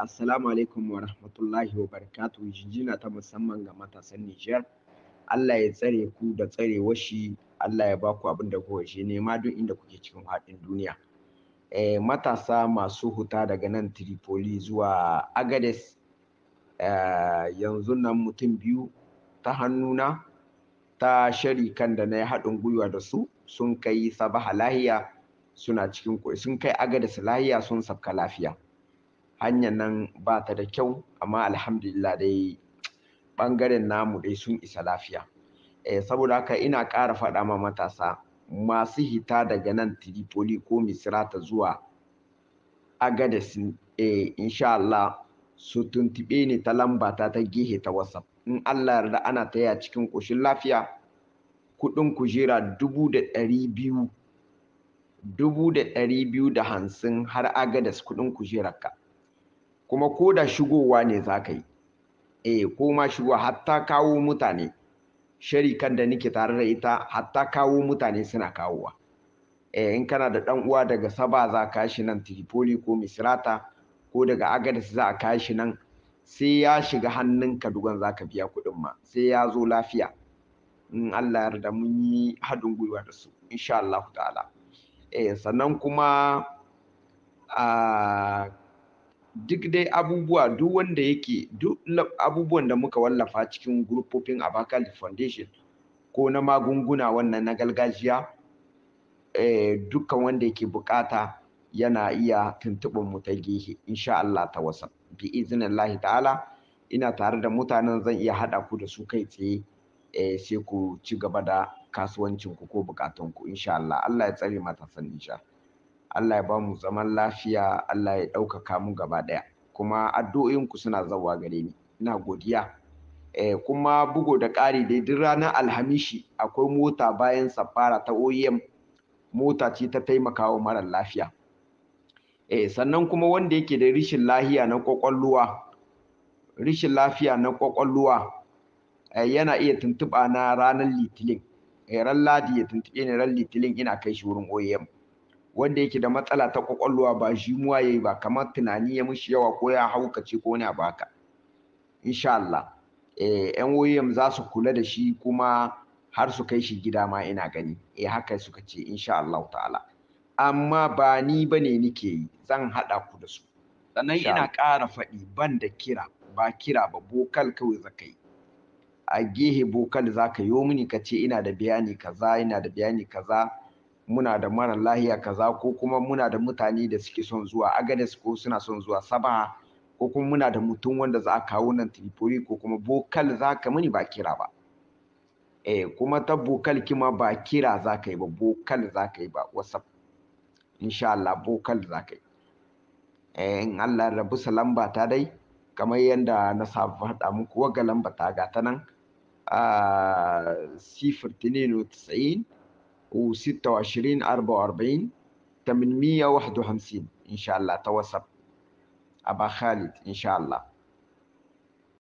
Assalamu alaikum wa rahmatullahi wa barakatuhu jinjina ta musamman ga matasan Nijar. Allah ya tsare ku da tsare washi, Allah ya baku abin da kowace nema duk inda kuke cikin haɗin duniya. E, matasa masu huta daga nan Tripoli zuwa Agades, e, eh, yanzu nan mutum biyu ta hannuna ta kan da na yi haɗin gwiwa da su sun kai sabaha lahiya suna cikin sun kai Agades lahiya sun sabka lafiya. hanyar nan ba ta da kyau amma alhamdulillah dai ɓangaren namu dai sun isa lafiya eh, saboda haka ina ƙara faɗa ma matasa masu hita daga nan Tripoli ko Misrata zuwa Agades eh, insha Allah su tuntuɓe ni ta lamba ta ta gehe ta WhatsApp in Allah yarda ana taya cikin ƙoshin lafiya kuɗin kujera dubu da ɗari biyu dubu da ɗari biyu da har Agades kuɗin kujerarka kuma ko da shigowa ne za ka yi E! ko ma shigowa hatta kawo mutane sharikan da nike tare da ita hatta kawo mutane suna kawowa E! in kana da dan uwa daga Saba za ka shi nan Tripoli ko Misrata ko daga agadis za ka shi nan sai ya shiga hannunka dugan za ka biya kuɗin ma sai ya zo lafiya in Allah yarda mun yi haɗin gwiwa da su insha Allah ta'ala eh sannan kuma a ah, duk dai abubuwa duk wanda yake duk abubuwan da muka wallafa cikin gurufofin Abakali Foundation ko na magunguna wannan na gargajiya eh, dukkan wanda yake bukata yana iya tuntuɓin mu ta gehe insha Allah ta wasa bi Lahi ta'ala ina tare da mutanen zan iya haɗa ku da su kai tsaye eh, sai ku ci gaba da kasuwancinku ko bukatunku insha Allah Allah ya tsare mata san insha Allah ya bamu zaman lafiya Allah ya ɗaukaka mu gaba ɗaya kuma addu'o'inku suna zawa gare ni ina godiya eh, kuma bugu da ƙari dai duk ranar alhamishi akwai mota bayan safara ta OEM mota ce ta taimakawa mara lafiya eh, sannan kuma wanda yake da rishin lafiya na kwakwalluwa rishin lafiya na kwakwalluwa eh, yana iya tuntuɓa na ranar litinin eh, ran ladi ya tuntuɓe ni ran litinin ina kai shi wurin OEM wanda yake da matsala ta kwakwalwa ba shi mu yayi ba kamar tunani ya mishi yawa ko ya haukace ko wani abu haka insha Allah yan eh, OEM za su kula da shi kuma har su kai shi gida ma ina gani eh haka suka ce insha Allah ta'ala amma ba ni bane nike yi zan haɗa ku da su sannan ina ƙara faɗi ban da kira ba kira ba bokal kawai zakai yi a gehe bokal zaka yo mini ka ce ina da bayani kaza ina da bayani kaza muna da mara lahiya kaza ko kuma muna da mutane da suke son zuwa agades ko suna son zuwa saba ko kuma muna da mutum wanda za a kawo nan tripoli ko kuma bokal za ka mani ba kira ba eh kuma ta bokal kima ba kira za ka yi ba bokal za ka yi ba whatsapp insha Allah bokal za ka yi eh in Allah rabu lamba ta dai kamar yadda na saba faɗa muku waga lamba ta ga ta nan ah, sifir tinino وستة وعشرين أربعة وأربعين تمنمية واحد وخمسين إن شاء الله توسب أبا خالد إن شاء الله